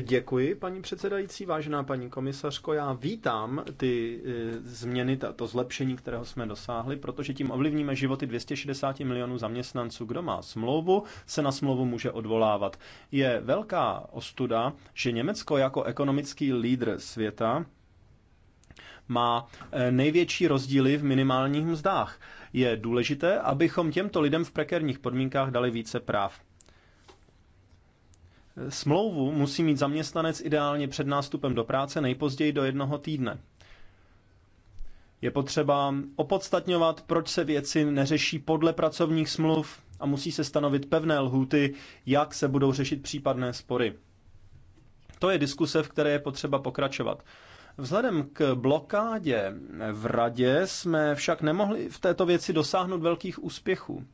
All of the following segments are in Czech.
Děkuji, paní předsedající, vážená paní komisařko. Já vítám ty e, změny, to zlepšení, kterého jsme dosáhli, protože tím ovlivníme životy 260 milionů zaměstnanců. Kdo má smlouvu, se na smlouvu může odvolávat. Je velká ostuda, že Německo jako ekonomický lídr světa má e, největší rozdíly v minimálních mzdách. Je důležité, abychom těmto lidem v prekérních podmínkách dali více práv. Smlouvu musí mít zaměstnanec ideálně před nástupem do práce nejpozději do jednoho týdne. Je potřeba opodstatňovat, proč se věci neřeší podle pracovních smluv a musí se stanovit pevné lhůty, jak se budou řešit případné spory. To je diskuse, v které je potřeba pokračovat. Vzhledem k blokádě v radě jsme však nemohli v této věci dosáhnout velkých úspěchů.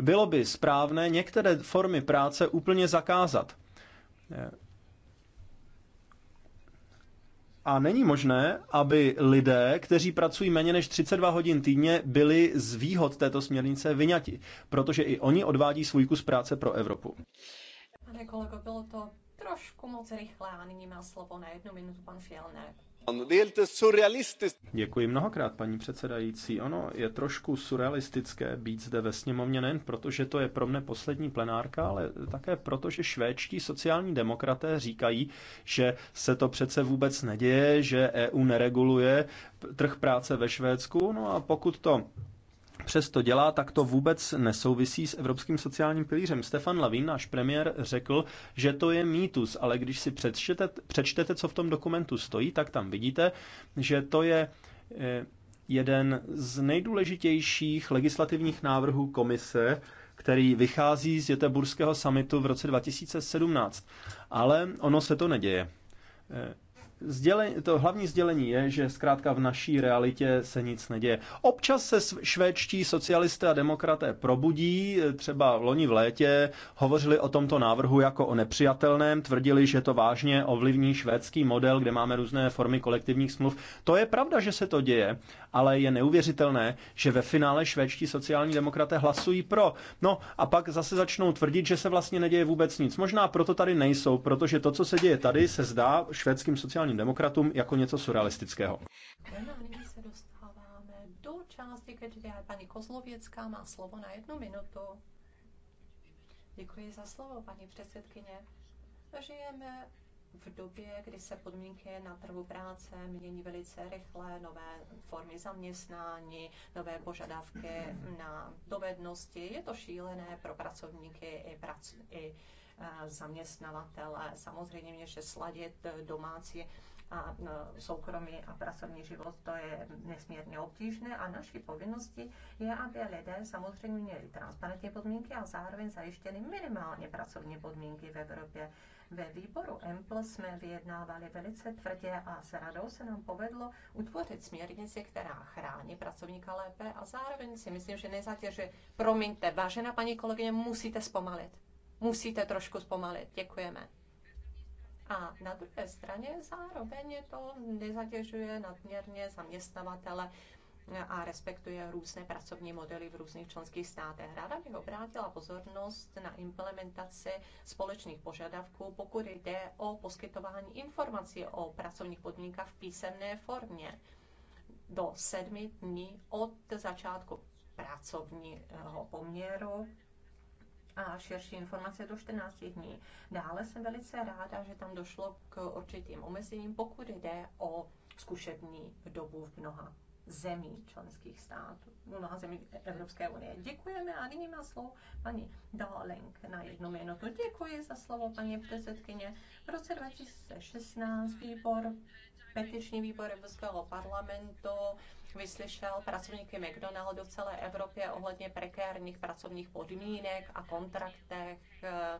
Bylo by správné některé formy práce úplně zakázat. A není možné, aby lidé, kteří pracují méně než 32 hodin týdně, byli z výhod této směrnice vyňati, protože i oni odvádí svůj kus práce pro Evropu. Pane kolego, bylo to trošku moc rychlé a nyní má slovo na jednu minutu pan Fielner. Děkuji mnohokrát, paní předsedající. Ono je trošku surrealistické být zde ve sněmovně nejen proto, že to je pro mne poslední plenárka, ale také proto, že švédští sociální demokraté říkají, že se to přece vůbec neděje, že EU nereguluje trh práce ve Švédsku. No a pokud to přesto dělá, tak to vůbec nesouvisí s evropským sociálním pilířem. Stefan Lavín, náš premiér, řekl, že to je mýtus, ale když si přečtete, přečtete, co v tom dokumentu stojí, tak tam vidíte, že to je eh, jeden z nejdůležitějších legislativních návrhů komise, který vychází z Jeteburského samitu v roce 2017. Ale ono se to neděje. Eh, Sdělení, to hlavní sdělení je, že zkrátka v naší realitě se nic neděje. Občas se švédští socialisté a demokraté probudí, třeba loni v létě hovořili o tomto návrhu jako o nepřijatelném, tvrdili, že to vážně ovlivní švédský model, kde máme různé formy kolektivních smluv. To je pravda, že se to děje, ale je neuvěřitelné, že ve finále švédští sociální demokraté hlasují pro. No a pak zase začnou tvrdit, že se vlastně neděje vůbec nic. Možná proto tady nejsou, protože to, co se děje tady, se zdá švédským sociálním demokratům jako něco surrealistického. No, do části, kde paní Kozlověcká má slovo na jednu minutu. Děkuji za slovo, paní předsedkyně. Žijeme v době, kdy se podmínky na trhu práce mění velice rychle, nové formy zaměstnání, nové požadavky na dovednosti, je to šílené pro pracovníky i, prac, i eh, zaměstnavatele. Samozřejmě, že sladit domácí a eh, soukromí a pracovní život, to je nesmírně obtížné a naší povinností je, aby lidé samozřejmě měli transparentní podmínky a zároveň zajištěny minimálně pracovní podmínky v Evropě. Ve výboru EMPL jsme vyjednávali velice tvrdě a s radou se nám povedlo utvořit směrnici, která chrání pracovníka lépe a zároveň si myslím, že nezatěžuje. Promiňte, vážená paní kolegyně, musíte zpomalit. Musíte trošku zpomalit. Děkujeme. A na druhé straně zároveň to nezatěžuje nadměrně zaměstnavatele a respektuje různé pracovní modely v různých členských státech. Ráda bych obrátila pozornost na implementaci společných požadavků, pokud jde o poskytování informací o pracovních podmínkách v písemné formě do sedmi dní od začátku pracovního poměru a širší informace do 14 dní. Dále jsem velice ráda, že tam došlo k určitým omezením, pokud jde o zkušební dobu v mnoha zemí členských států, mnoha zemí Evropské unie. Děkujeme a nyní má slovo paní Darling na jednu minutu. Děkuji za slovo, paní předsedkyně. V roce 2016 výbor, petiční výbor Evropského parlamentu vyslyšel pracovníky McDonaldu v celé Evropě ohledně prekérních pracovních podmínek a kontraktech eh,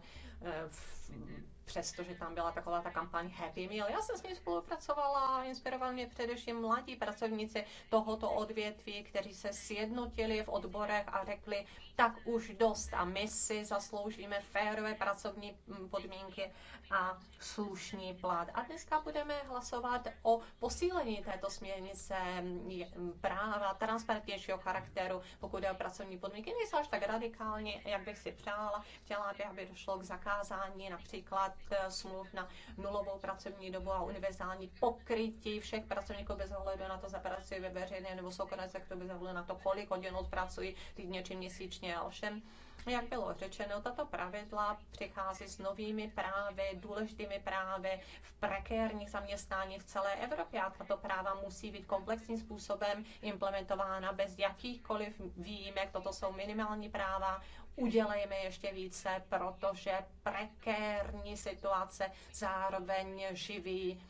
v přestože tam byla taková ta kampaň Happy Meal. Já jsem s ním spolupracovala a inspirovali mě především mladí pracovníci tohoto odvětví, kteří se sjednotili v odborech a řekli, tak už dost a my si zasloužíme férové pracovní mm, podmínky a slušný plat. A dneska budeme hlasovat o posílení této směrnice mm, mm, práva transparentnějšího charakteru, pokud je o pracovní podmínky. Nejsou až tak radikálně, jak bych si přála. Chtěla bych, aby došlo k zakázání například Eh, smluv na nulovou pracovní dobu a univerzální pokrytí všech pracovníků bez ohledu na to, za pracují ve veřejné nebo soukromé sektoru, bez ohledu na to, kolik hodin odpracují týdně či měsíčně. A ovšem, jak bylo řečeno, tato pravidla přichází s novými právy, důležitými právy v prekérních zaměstnáních v celé Evropě a tato práva musí být komplexním způsobem implementována bez jakýchkoliv výjimek. Toto jsou minimální práva, udělejme ještě více, protože prekérní situace zároveň živí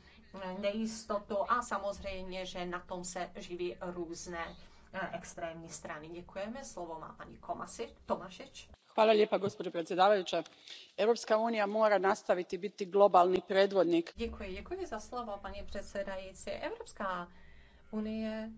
nejistotu a samozřejmě, že na tom se živí různé eh, extrémní strany. Děkujeme. Slovo má paní Komasi, Tomašič. Hvala lijepa, gospođo predsjedavajuća. Evropska unija mora nastaviti biti globalni predvodnik. Děkuji, děkuji za slovo, paní předsedající. Evropská unie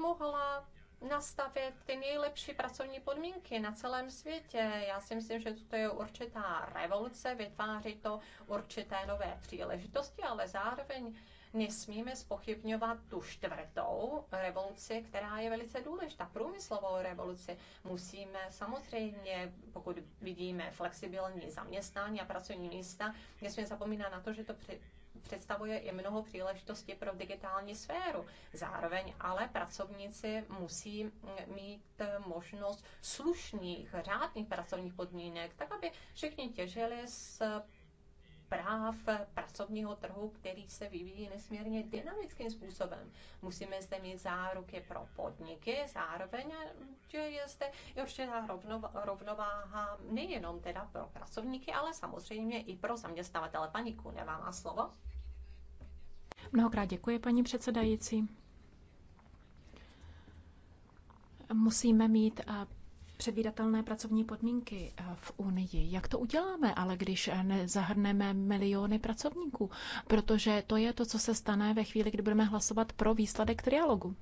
mohla nastavit ty nejlepší pracovní podmínky na celém světě. Já si myslím, že to je určitá revoluce, vytváří to určité nové příležitosti, ale zároveň nesmíme spochybňovat tu čtvrtou revoluci, která je velice důležitá, průmyslovou revoluci. Musíme samozřejmě, pokud vidíme flexibilní zaměstnání a pracovní místa, nesmíme zapomínat na to, že to představuje i mnoho příležitostí pro digitální sféru. Zároveň ale pracovníci musí mít možnost slušných, řádných pracovních podmínek, tak aby všichni těžili z práv pracovního trhu, který se vyvíjí nesmírně dynamickým způsobem. Musíme zde mít záruky pro podniky, zároveň, že je zde ještě rovnováha nejenom teda pro pracovníky, ale samozřejmě i pro zaměstnavatele. Paní Kuneva má slovo. Mnohokrát děkuji, paní předsedající. Musíme mít eh, předvídatelné pracovní podmínky eh, v Unii. Jak to uděláme, ale když eh, nezahrneme miliony pracovníků? Protože to je to, co se stane ve chvíli, kdy budeme hlasovat pro výsledek trialogu.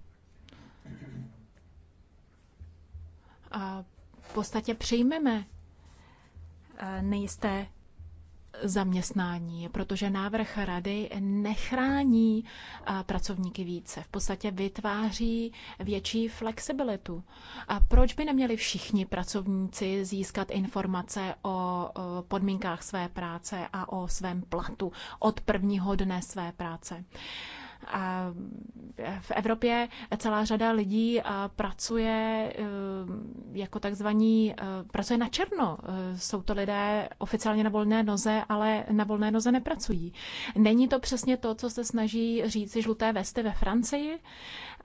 A v podstatě přijmeme eh, nejisté zaměstnání, protože návrh rady nechrání pracovníky více. V podstatě vytváří větší flexibilitu. A proč by neměli všichni pracovníci získat informace o podmínkách své práce a o svém platu od prvního dne své práce? V Evropě celá řada lidí eh, pracuje eh, jako takzvaní, eh, pracuje na černo. Jsou to lidé oficiálně na volné noze, ale na volné noze nepracují. Není to přesně to, co se snaží říci žluté vesty ve Francii?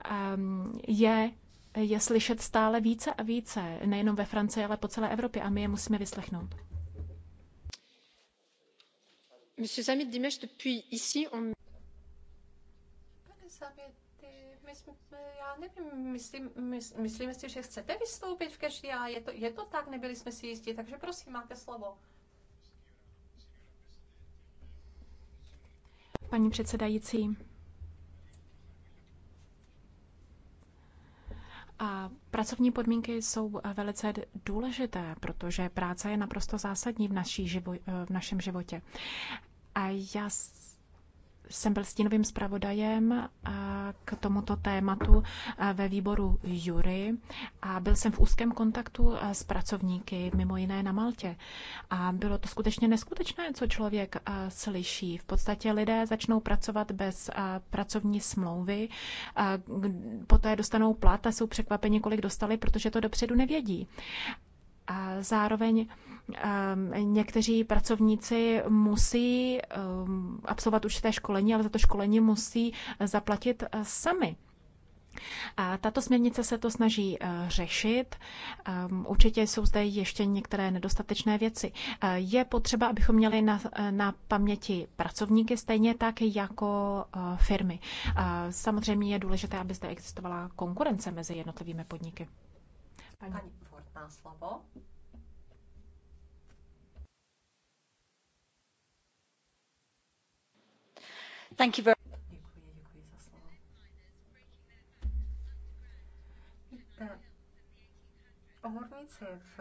Ehm, je je slyšet stále více a více, nejenom ve Francii, ale po celé Evropě a my je musíme vyslechnout samity, my jsme, já nevím, myslím, mys, myslíme si, že chcete vystoupit v každý a je to, je to tak, nebyli jsme si jistí, takže prosím, máte slovo. Paní předsedající, A pracovní podmínky jsou velice důležité, protože práce je naprosto zásadní v, naší živo- v našem životě. A já jsem byl stínovým zpravodajem k tomuto tématu ve výboru jury a byl jsem v úzkém kontaktu s pracovníky, mimo jiné na Maltě. A bylo to skutečně neskutečné, co člověk slyší. V podstatě lidé začnou pracovat bez pracovní smlouvy, poté dostanou plat a jsou překvapeni, kolik dostali, protože to dopředu nevědí. Zároveň ehm, někteří pracovníci musí ehm, absolvovat určité školení, ale za to školení musí zaplatit eh, sami. A tato směrnice se to snaží eh, řešit. Ehm, určitě jsou zde ještě některé nedostatečné věci. Eh, je potřeba, abychom měli na, na paměti pracovníky stejně tak jako firmy. Samozřejmě je důležité, aby zde existovala konkurence mezi jednotlivými podniky. Pani má slovo. Thank you very děkuji, děkuji za slovo. horníci v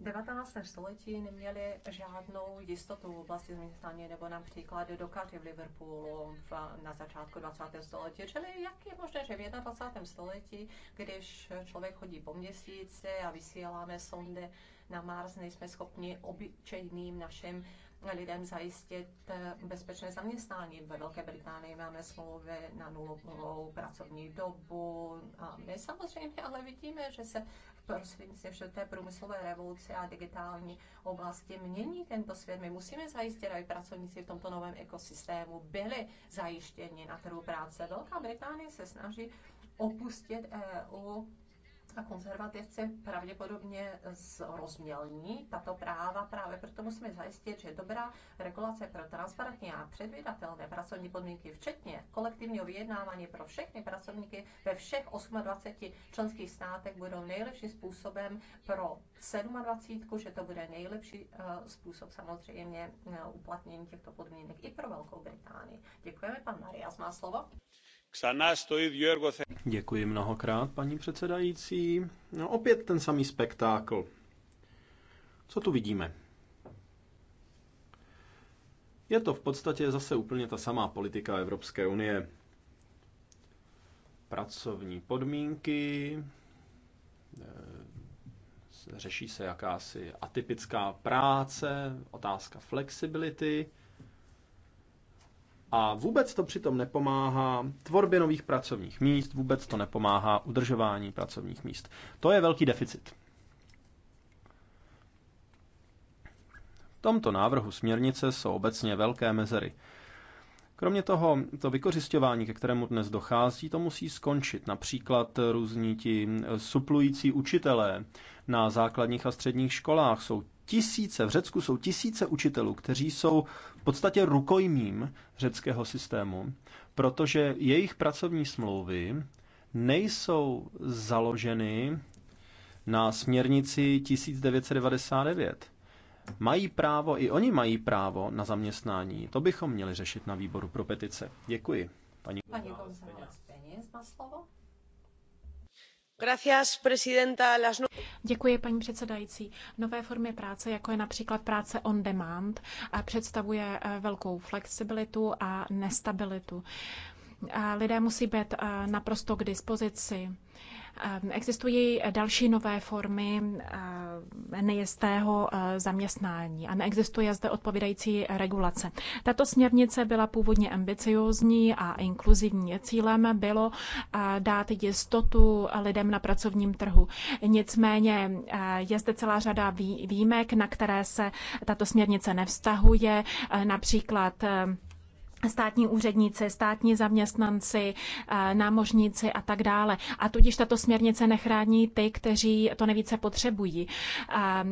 19. století neměli žádnou jistotu v oblasti zaměstnání nebo například dokazy v Liverpoolu v, na začátku 20. století. Čili jak je možné, že v 21. století, když člověk chodí po měsíci a vysíláme sondy na Mars, nejsme schopni obyčejným našim lidem zajistit eh, bezpečné zaměstnání. Ve Velké Británii máme smlouvy na nulovou pracovní dobu. A my samozřejmě ale vidíme, že se prostřednictvím té průmyslové revoluce a digitální oblasti mění tento svět. My musíme zajistit, aby pracovníci v tomto novém ekosystému byli zajištěni na trhu práce. Velká Británie se snaží opustit EU a konzervativce pravděpodobně rozmělní tato práva. Právě proto musíme zajistit, že dobrá regulace pro transparentní a předvídatelné pracovní podmínky, včetně kolektivního vyjednávání pro všechny pracovníky ve všech 28 členských státech, budou nejlepším způsobem pro 27, že to bude nejlepší eh, způsob samozřejmě eh, uplatnění těchto podmínek i pro Velkou Británii. Děkujeme, pan Marias má slovo. Děkuji mnohokrát, paní předsedající. No, opět ten samý spektákl. Co tu vidíme? Je to v podstatě zase úplně ta samá politika Evropské unie. Pracovní podmínky, eh, řeší se jakási atypická práce, otázka flexibility – a vůbec to přitom nepomáhá tvorbě nových pracovních míst, vůbec to nepomáhá udržování pracovních míst. To je velký deficit. V tomto návrhu směrnice jsou obecně velké mezery. Kromě toho, to vykořišťování, ke kterému dnes dochází, to musí skončit. Například různí ti suplující učitelé na základních a středních školách jsou tisíce, v Řecku jsou tisíce učitelů, kteří jsou v podstatě rukojmím řeckého systému, protože jejich pracovní smlouvy nejsou založeny na směrnici 1999. Mají právo, i oni mají právo na zaměstnání. To bychom měli řešit na výboru pro petice. Děkuji. Paní, paní González Peněz má slovo. No- paní předsedající. Nové formy práce, jako je například práce on demand, představuje eh, velkou flexibilitu a nestabilitu. Lidé musí být eh, naprosto k dispozici Ehm, existují další nové formy ehm, nejistého ehm, zaměstnání a neexistuje zde odpovídající regulace. Tato směrnice byla původně ambiciózní a inkluzivní. Cílem bylo dát jistotu lidem na pracovním trhu. Nicméně je zde celá řada výjimek, na které se tato směrnice nevztahuje, například státní úředníci, státní zaměstnanci, eh, námořníci a tak dále. A tudíž tato směrnice nechrání ty, kteří to nejvíce potřebují.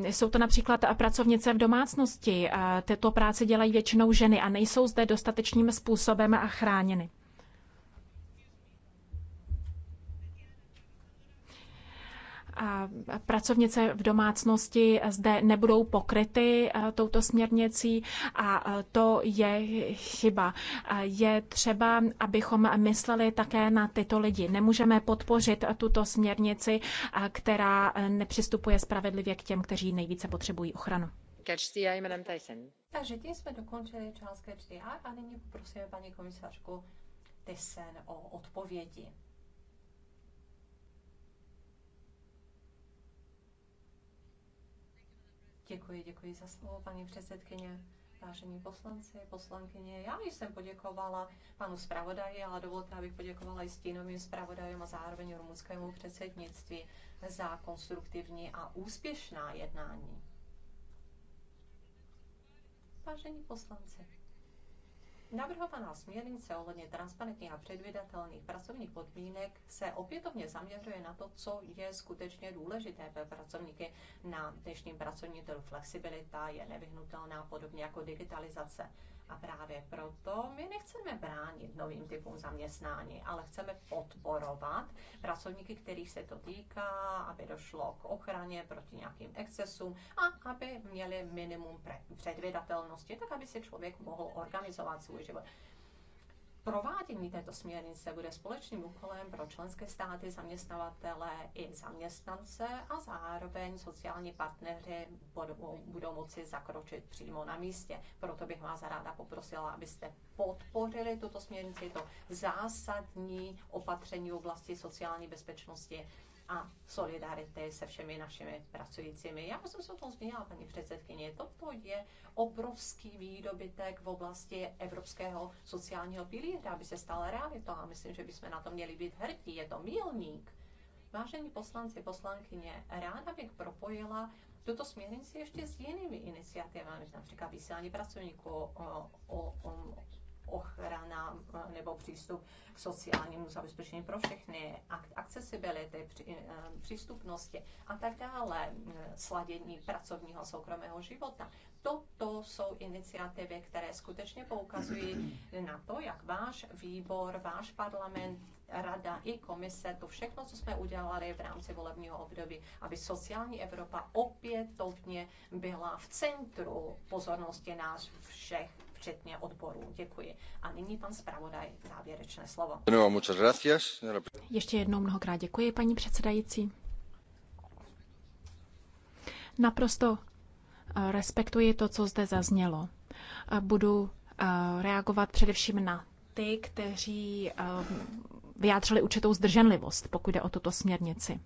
Eh, jsou to například pracovnice v domácnosti. Eh, tyto práce dělají většinou ženy a nejsou zde dostatečným způsobem chráněny. pracovnice v domácnosti zde nebudou pokryty eh, touto směrnicí a eh, to je chyba. Eh, je třeba, abychom mysleli také na tyto lidi. Nemůžeme podpořit tuto směrnici, která nepřistupuje spravedlivě k těm, kteří nejvíce potřebují ochranu. Takže tím jsme dokončili část Catch a nyní poprosíme paní komisařku Tysen o odpovědi. Děkuji, děkuji za slovo, paní předsedkyně. Vážení poslanci, poslankyně, já již jsem poděkovala panu zpravodaji, ale dovolte, abych poděkovala i stínovým zpravodajům a zároveň rumunskému předsednictví za konstruktivní a úspěšná jednání. Vážení poslanci, Navrhovaná směrnice ohledně transparentních a předvydatelných pracovních podmínek se opětovně zaměřuje na to, co je skutečně důležité pro pracovníky na dnešním pracovním trhu. Flexibilita je nevyhnutelná, podobně jako digitalizace. A právě proto my nechceme bránit novým typům zaměstnání, ale chceme podporovat pracovníky, kterých se to týká, aby došlo k ochraně proti nějakým excesům a aby měli minimum předvědatelnosti, tak aby si člověk mohl organizovat svůj život provádění této směrnice bude společným úkolem pro členské státy, zaměstnavatele i zaměstnance a zároveň sociální partnery. budou, budou moci zakročit přímo na místě. Proto bych vás ráda poprosila, abyste podpořili tuto směrnici, to zásadní opatření v oblasti sociální bezpečnosti a solidarity se všemi našimi pracujícími. Já jsem se o tom zmínila, paní předsedkyně. Toto je obrovský výdobytek v oblasti evropského sociálního pilíře, aby se stala realita. a myslím, že bychom na to měli být hrdí. Je to milník. Vážení poslanci, poslankyně, ráda bych propojila tuto směrnici ještě s jinými iniciativami, například vysílání pracovníků, o, o, o, ochrana eh, nebo přístup k sociálnímu zabezpečení pro všechny, accessibility, eh, přístupnosti a tak dále, eh, sladění pracovního a soukromého života. Toto jsou iniciativy, které skutečně poukazují na to, jak váš výbor, váš parlament, rada i komise, to všechno, co jsme udělali v rámci volebního období, aby sociální Evropa opětovně byla v centru pozornosti nás všech včetně odborů. Děkuji. A nyní pan zpravodaj závěrečné slovo. Ještě jednou mnohokrát děkuji, paní předsedající. Naprosto eh, respektuji to, co zde zaznělo. Eh, budu eh, reagovat především na ty, kteří vyjádřili určitou zdrženlivost, pokud jde o tuto směrnici.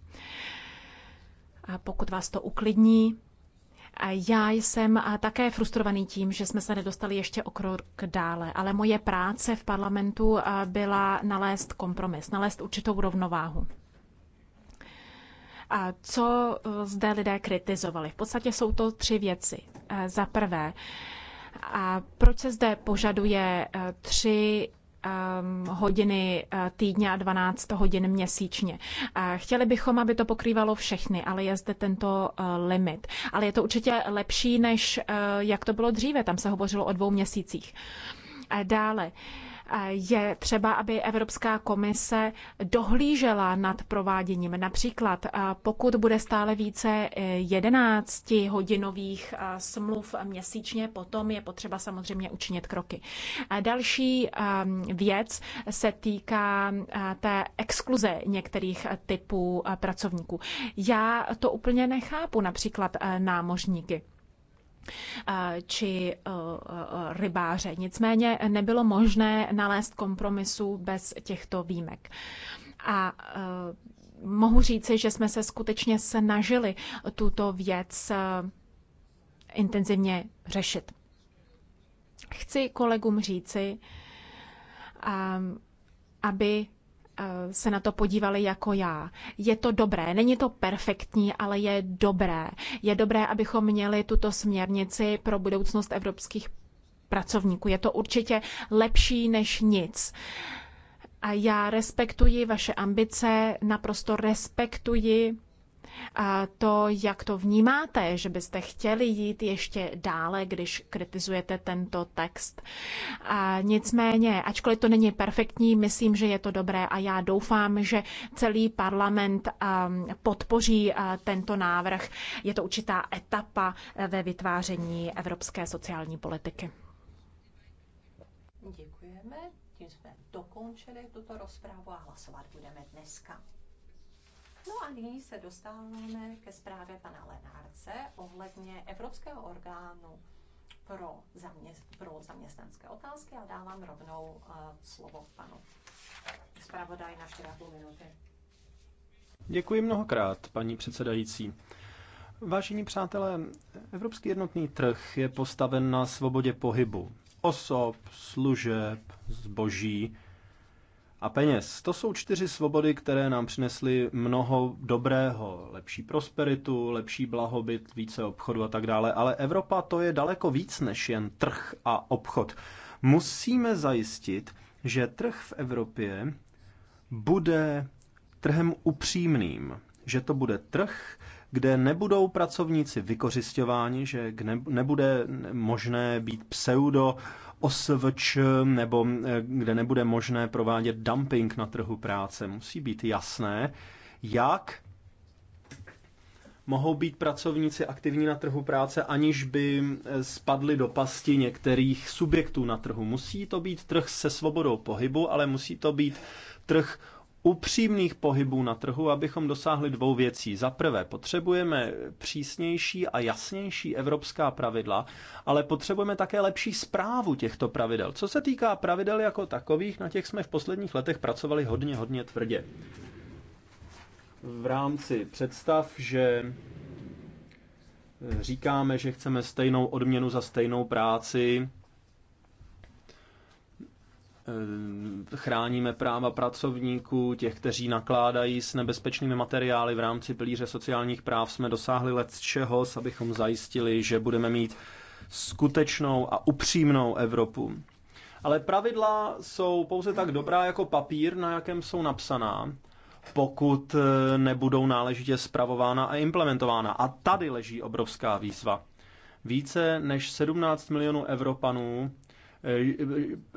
A pokud vás to uklidní, já jsem také frustrovaný tím, že jsme se nedostali ještě o krok dále, ale moje práce v parlamentu byla nalézt kompromis, nalézt určitou rovnováhu. A co e, zde lidé kritizovali? V podstatě jsou to tři věci. E, za prvé, a proč se zde požaduje e, tři Um, hodiny uh, týdně a 12 hodin měsíčně. Chtěli bychom, aby to pokrývalo všechny, ale je zde tento uh, limit. Ale je to určitě lepší, než uh, jak to bylo dříve. Tam se hovořilo o dvou měsících. Dále je třeba, aby Evropská komise dohlížela nad prováděním. Například, pokud bude stále více 11 e, hodinových smluv měsíčně, potom je potřeba samozřejmě učinit kroky. Další věc se týká té exkluze některých typů pracovníků. Já to úplně nechápu, například e, námořníky. Eh, či eh, eh, rybáře. Nicméně nebylo možné nalézt kompromisu bez těchto výjimek. A mohu říci, že jsme se skutečně snažili tuto věc intenzivně řešit. Chci kolegům říci, aby Eh, se na to podívali jako já. Je to dobré, není to perfektní, ale je dobré. Je dobré, abychom měli tuto směrnici pro budoucnost evropských pracovníků. Je to určitě lepší než nic. A já respektuji vaše ambice, naprosto respektuji a to, jak to vnímáte, že byste chtěli jít ještě dále, když kritizujete tento text. A nicméně, ačkoliv to není perfektní, myslím, že je to dobré a já doufám, že celý parlament um, podpoří uh, tento návrh. Je to určitá etapa uh, ve vytváření evropské sociální politiky. Děkujeme. Tím jsme dokončili tuto rozprávu a hlasovat budeme dneska. No a nyní se dostáváme ke zprávě pana Lenárce ohledně Evropského orgánu pro, zaměst, pro zaměstnanské otázky a dávám rovnou uh, slovo panu zpravodaj na 4,5 minuty. Děkuji mnohokrát, paní předsedající. Vážení přátelé, Evropský jednotný trh je postaven na svobodě pohybu osob, služeb, zboží a peněz. To jsou čtyři svobody, které nám přinesly mnoho dobrého, lepší prosperitu, lepší blahobyt, více obchodu a tak dále, ale Evropa to je daleko víc než jen trh a obchod. Musíme zajistit, že trh v Evropě bude trhem upřímným, že to bude trh, kde nebudou pracovníci vykořišťováni, že nebude možné být pseudo OSVČ nebo eh, kde nebude možné provádět dumping na trhu práce. Musí být jasné, jak mohou být pracovníci aktivní na trhu práce, aniž by eh, spadli do pasti některých subjektů na trhu. Musí to být trh se svobodou pohybu, ale musí to být trh upřímných pohybů na trhu, abychom dosáhli dvou věcí. Za prvé, potřebujeme přísnější a jasnější evropská pravidla, ale potřebujeme také lepší zprávu těchto pravidel. Co se týká pravidel jako takových, na těch jsme v posledních letech pracovali hodně, hodně tvrdě. V rámci představ, že eh, říkáme, že chceme stejnou odměnu za stejnou práci, Eh, chráníme práva pracovníků, těch, kteří nakládají s nebezpečnými materiály v rámci pilíře sociálních práv, jsme dosáhli let čeho, abychom zajistili, že budeme mít skutečnou a upřímnou Evropu. Ale pravidla jsou pouze tak dobrá jako papír, na jakém jsou napsaná, pokud eh, nebudou náležitě spravována a implementována. A tady leží obrovská výzva. Více než 17 milionů Evropanů Eh,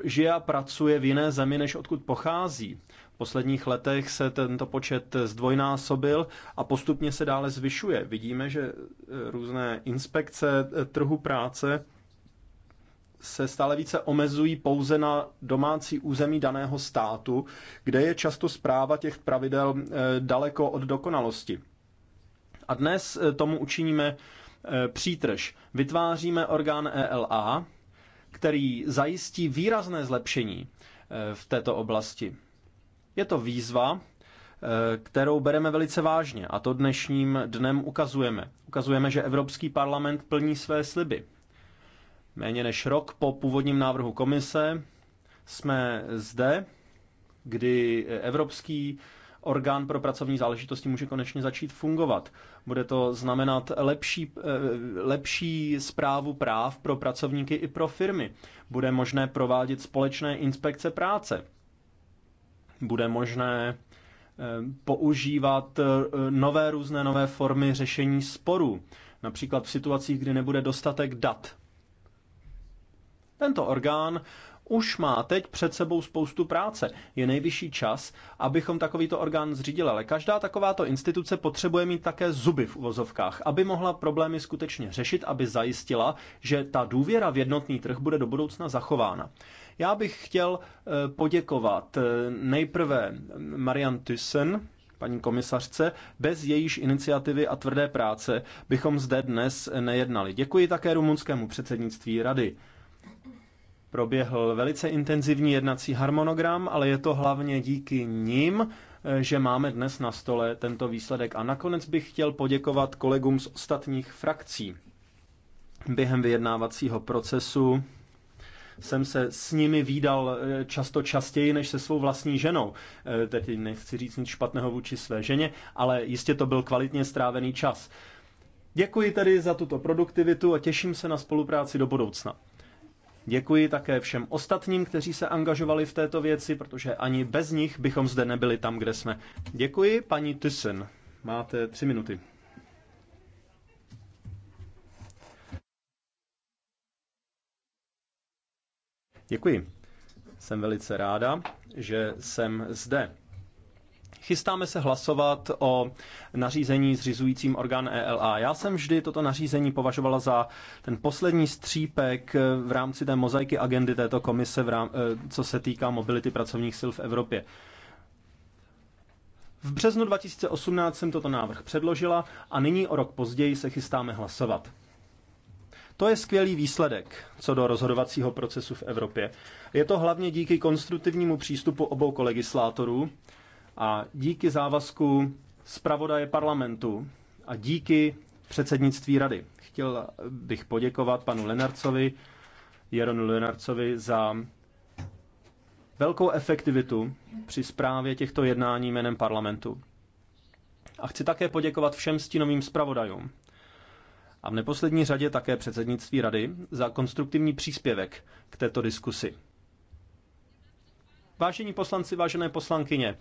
žije a pracuje v jiné zemi, než odkud pochází. V posledních letech se tento počet zdvojnásobil a postupně se dále zvyšuje. Vidíme, že eh, různé inspekce eh, trhu práce se stále více omezují pouze na domácí území daného státu, kde je často zpráva těch pravidel daleko od dokonalosti. A dnes tomu učiníme přítrž. Vytváříme orgán ELA, který zajistí výrazné zlepšení eh, v této oblasti. Je to výzva, eh, kterou bereme velice vážně a to dnešním dnem ukazujeme. Ukazujeme, že Evropský parlament plní své sliby. Méně než rok po původním návrhu komise jsme zde, kdy Evropský orgán pro pracovní záležitosti může konečně začít fungovat. Bude to znamenat lepší, eh, lepší zprávu práv pro pracovníky i pro firmy. Bude možné provádět společné inspekce práce. Bude možné eh, používat eh, nové různé nové formy řešení sporů. Například v situacích, kdy nebude dostatek dat tento orgán už má teď před sebou spoustu práce. Je nejvyšší čas, abychom takovýto orgán zřídili, ale každá takováto instituce potřebuje mít také zuby v uvozovkách, aby mohla problémy skutečně řešit, aby zajistila, že ta důvěra v jednotný trh bude do budoucna zachována. Já bych chtěl eh, poděkovat eh, nejprve Marian Thyssen, paní komisařce, bez jejíž iniciativy a tvrdé práce bychom zde dnes nejednali. Děkuji také rumunskému předsednictví rady proběhl velice intenzivní jednací harmonogram, ale je to hlavně díky nim, eh, že máme dnes na stole tento výsledek. A nakonec bych chtěl poděkovat kolegům z ostatních frakcí. Během vyjednávacího procesu jsem se s nimi výdal eh, často častěji než se svou vlastní ženou. Eh, Teď nechci říct nic špatného vůči své ženě, ale jistě to byl kvalitně strávený čas. Děkuji tedy za tuto produktivitu a těším se na spolupráci do budoucna. Děkuji také všem ostatním, kteří se angažovali v této věci, protože ani bez nich bychom zde nebyli tam, kde jsme. Děkuji, paní Tysen. Máte tři minuty. Děkuji. Jsem velice ráda, že jsem zde. Chystáme se hlasovat o nařízení zřizujícím orgán ELA. Já jsem vždy toto nařízení považovala za ten poslední střípek v rámci té mozaiky agendy této komise, v rám, eh, co se týká mobility pracovních sil v Evropě. V březnu 2018 jsem toto návrh předložila a nyní o rok později se chystáme hlasovat. To je skvělý výsledek co do rozhodovacího procesu v Evropě. Je to hlavně díky konstruktivnímu přístupu obou kolegislátorů, a díky závazku zpravodaje parlamentu a díky předsednictví rady chtěl bych poděkovat panu Lenarcovi, Jaronu Lenarcovi za velkou efektivitu při zprávě těchto jednání jménem parlamentu. A chci také poděkovat všem stínovým zpravodajům. A v neposlední řadě také předsednictví rady za konstruktivní příspěvek k této diskusi. Vážení poslanci, vážené poslankyně,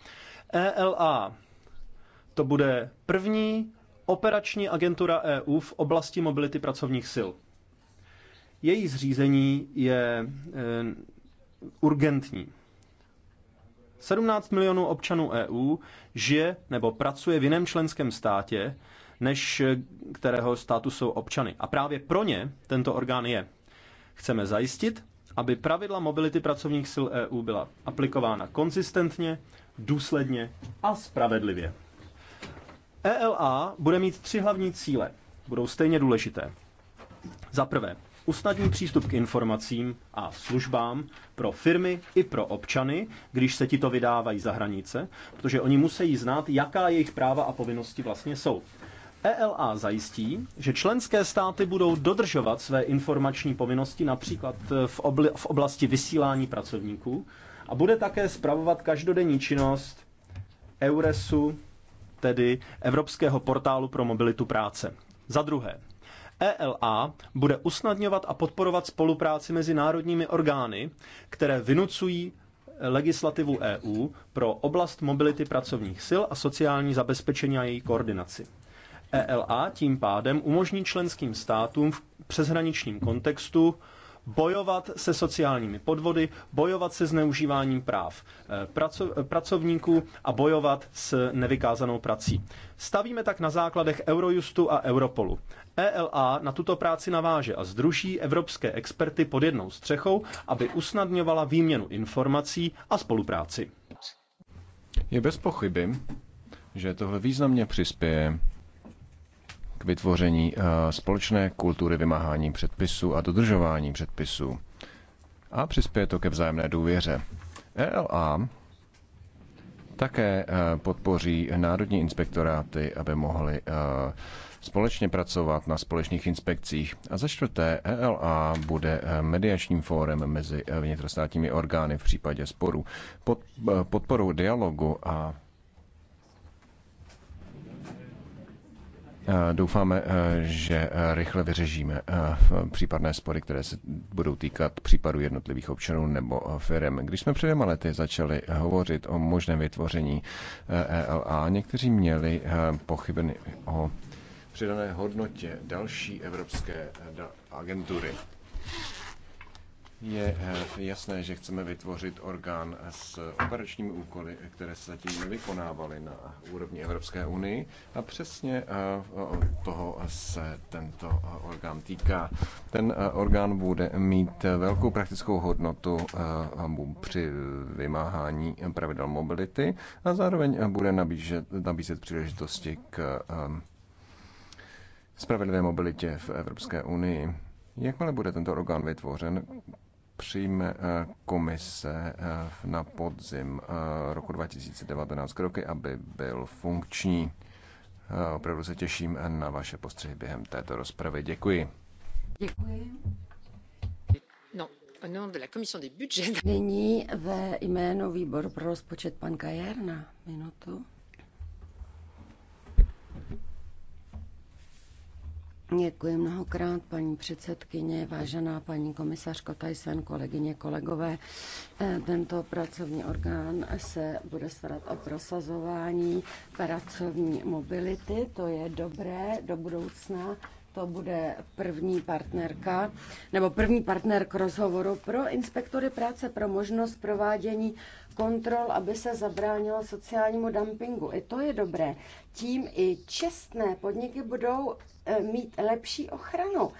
ELA to bude první operační agentura EU v oblasti mobility pracovních sil. Její zřízení je eh, urgentní. 17 milionů občanů EU žije nebo pracuje v jiném členském státě, než eh, kterého státu jsou občany. A právě pro ně tento orgán je. Chceme zajistit, aby pravidla mobility pracovních sil EU byla aplikována konzistentně, důsledně a spravedlivě. ELA bude mít tři hlavní cíle, budou stejně důležité. Za prvé, usnadní přístup k informacím a službám pro firmy i pro občany, když se ti to vydávají za hranice, protože oni musí znát, jaká jejich práva a povinnosti vlastně jsou. ELA zajistí, že členské státy budou dodržovat své informační povinnosti například eh, v, obli- v oblasti vysílání pracovníků a bude také spravovat každodenní činnost EURESu, tedy Evropského portálu pro mobilitu práce. Za druhé, ELA bude usnadňovat a podporovat spolupráci mezi národními orgány, které vynucují eh, legislativu EU pro oblast mobility pracovních sil a sociální zabezpečení a její koordinaci. ELA tím pádem umožní členským státům v přeshraničním kontextu bojovat se sociálními podvody, bojovat se zneužíváním práv e, pracovníků a bojovat s nevykázanou prací. Stavíme tak na základech Eurojustu a Europolu. ELA na tuto práci naváže a združí evropské experty pod jednou střechou, aby usnadňovala výměnu informací a spolupráci. Je bez pochyby, že tohle významně přispěje vytvoření eh, společné kultury vymáhání předpisů a dodržování předpisů a přispěje to ke vzájemné důvěře. ELA také eh, podpoří národní inspektoráty, aby mohli eh, společně pracovat na společných inspekcích. A za čtvrté, ELA bude mediačním fórem mezi vnitrostátními orgány v případě sporů. Pod, podporou dialogu a Doufáme, eh, že eh, rychle vyřešíme eh, případné spory, které se budou týkat případů jednotlivých občanů nebo firm. Když jsme před dvěma lety začali hovořit o možném vytvoření ELA, e někteří měli pochybny o přidané hodnotě další evropské agentury. Je eh, jasné, že chceme vytvořit orgán s operačními úkoly, které se zatím nevykonávaly na úrovni Evropské unii a přesně eh, toho se tento eh, orgán týká. Ten orgán bude mít velkou praktickou hodnotu při vymáhání pravidel mobility a zároveň bude nabízet, nabízet příležitosti k spravedlivé mobilitě v Evropské unii. Jakmile bude tento orgán vytvořen, přijme eh, komise eh, na podzim eh, roku 2019 kroky, aby byl funkční. Opravdu se těším na vaše postřehy během této rozpravy. Děkuji. Děkuji. No. Nyní ve jménu výboru pro rozpočet pan Kajerna na minutu. Děkuji mnohokrát, paní předsedkyně, vážená paní komisařko Tyson, kolegyně, kolegové. Eh, tento pracovní orgán se bude starat o prosazování pracovní mobility. To je dobré do budoucna. To bude první partnerka, nebo první partner k rozhovoru pro inspektory práce pro možnost provádění kontrol, aby se zabránilo sociálnímu dumpingu. I to je dobré. Tím i čestné podniky budou eh, mít lepší ochranu.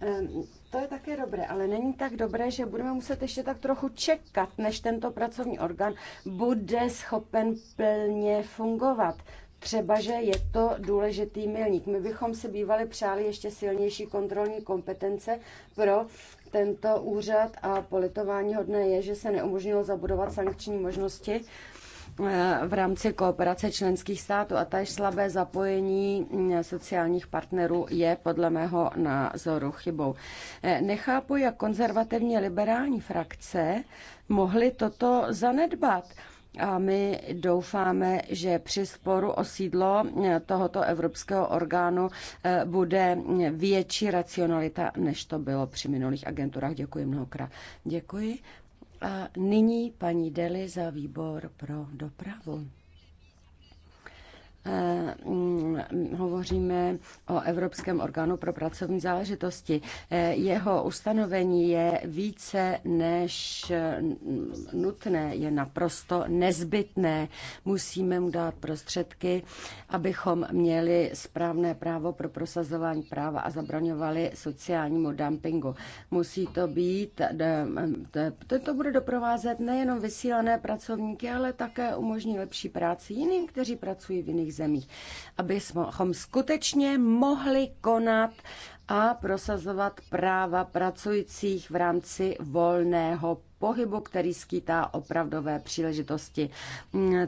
Ehm, to je také dobré, ale není tak dobré, že budeme muset ještě tak trochu čekat, než tento pracovní orgán bude schopen plně fungovat. Třeba, že je to důležitý milník. My bychom si bývali přáli ještě silnější kontrolní kompetence pro tento úřad a politování hodné je, že se neumožnilo zabudovat sankční možnosti eh, v rámci kooperace členských států a též slabé zapojení mm, sociálních partnerů je podle mého názoru chybou. Eh, nechápu, jak konzervativně liberální frakce mohly toto zanedbat. A my doufáme, že při sporu o sídlo eh, tohoto evropského orgánu eh, bude větší racionalita, než to bylo při minulých agenturách. Děkuji mnohokrát. Děkuji. A nyní paní Deli za výbor pro dopravu. Eh, mm, hovoříme o Evropském orgánu pro pracovní záležitosti. Eh, jeho ustanovení je více než eh, nutné, je naprosto nezbytné. Musíme mu dát prostředky, abychom měli správné právo pro prosazování práva a zabraňovali sociálnímu dumpingu. Musí to být, to to bude doprovázet nejenom vysílané pracovníky, ale také umožní lepší práci jiným, kteří pracují v jiných členských zemích, abychom skutečně mohli konat a prosazovat práva pracujících v rámci volného pohybu, který skýtá opravdové příležitosti.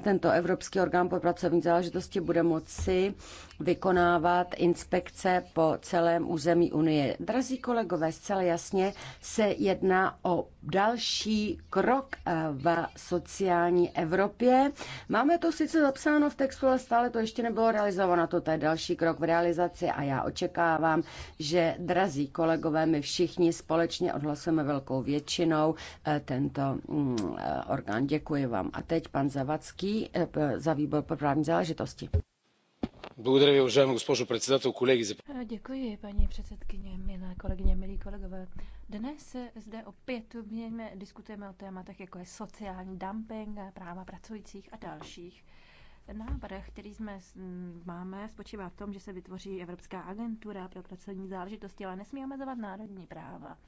Tento Evropský orgán pro pracovní záležitosti bude moci vykonávat inspekce po celém území Unie. Drazí kolegové, zcela jasně se jedná o další krok eh, v sociální Evropě. Máme to sice zapsáno v textu, ale stále to ještě nebylo realizováno. To je další krok v realizaci a já očekávám, že drazí kolegové, my všichni společně odhlasujeme velkou většinou eh, tento mm, eh, orgán. Děkuji vám. A teď pan Zavacký za výbor pro právní záležitosti. Děkuji, paní předsedkyně, milé kolegyně, milí kolegové. Dnes zde opět diskutujeme o tématech, jako je sociální dumping, práva pracujících a dalších. Návrh, který jsme, máme, spočívá v tom, že se vytvoří Evropská agentura pro pracovní záležitosti, ale nesmí omezovat národní práva.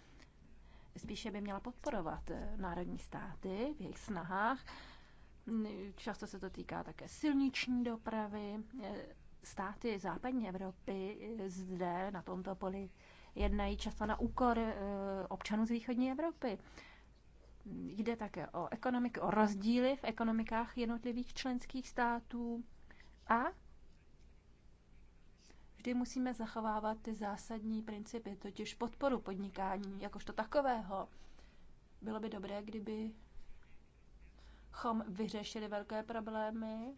Spíše by měla podporovat eh, národní státy v jejich snahách Často se to týká také silniční dopravy. E, státy západní Evropy e, zde na tomto poli jednají často na úkor e, občanů z východní Evropy. Jde také o ekonomiku, o rozdíly v ekonomikách jednotlivých členských států a vždy musíme zachovávat ty zásadní principy, totiž podporu podnikání jakožto takového. Bylo by dobré, kdyby bychom vyřešili velké problémy.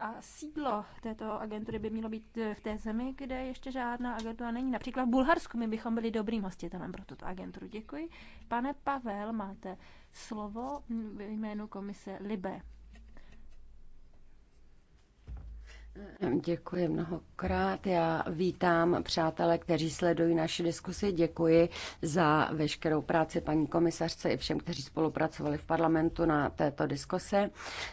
A sídlo této agentury by mělo být v té zemi, kde ještě žádná agentura není. Například v Bulharsku my bychom byli dobrým hostitelem pro tuto agenturu. Děkuji. Pane Pavel, máte slovo v jménu komise Libe. Děkuji mnohokrát. Já vítám přátelé, kteří sledují naši diskusi. Děkuji za veškerou práci paní komisařce i všem, kteří spolupracovali v parlamentu na této diskuse.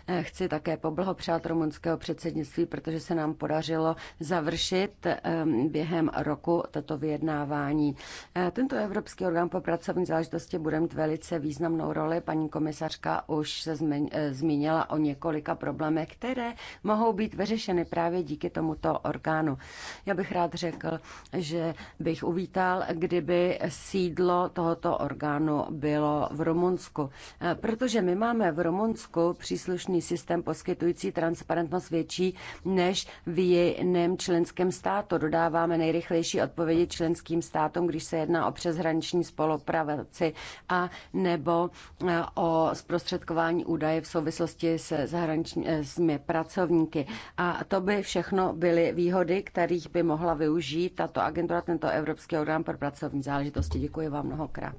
Eh, chci také poblahopřát rumunského předsednictví, protože se nám podařilo završit ehm, během roku toto vyjednávání. Eh, tento Evropský orgán po pracovní záležitosti bude mít velice významnou roli. Paní komisařka už se eh, zmínila o několika problémech, které mohou být vyřešeny právě díky tomuto orgánu. Já bych rád řekl, že bych uvítal, kdyby sídlo tohoto orgánu bylo v Rumunsku, eh, protože my máme v Rumunsku příslušný systém poskytující transparentnost větší než v jiném členském státu. Dodáváme nejrychlejší odpovědi členským státům, když se jedná o přeshraniční spolupráci a nebo eh, o zprostředkování údaje v souvislosti se zahraničními eh, pracovníky. A to by všechno byly výhody, kterých by mohla využít tato agentura, tento Evropský orgán pro pracovní záležitosti. Děkuji vám mnohokrát.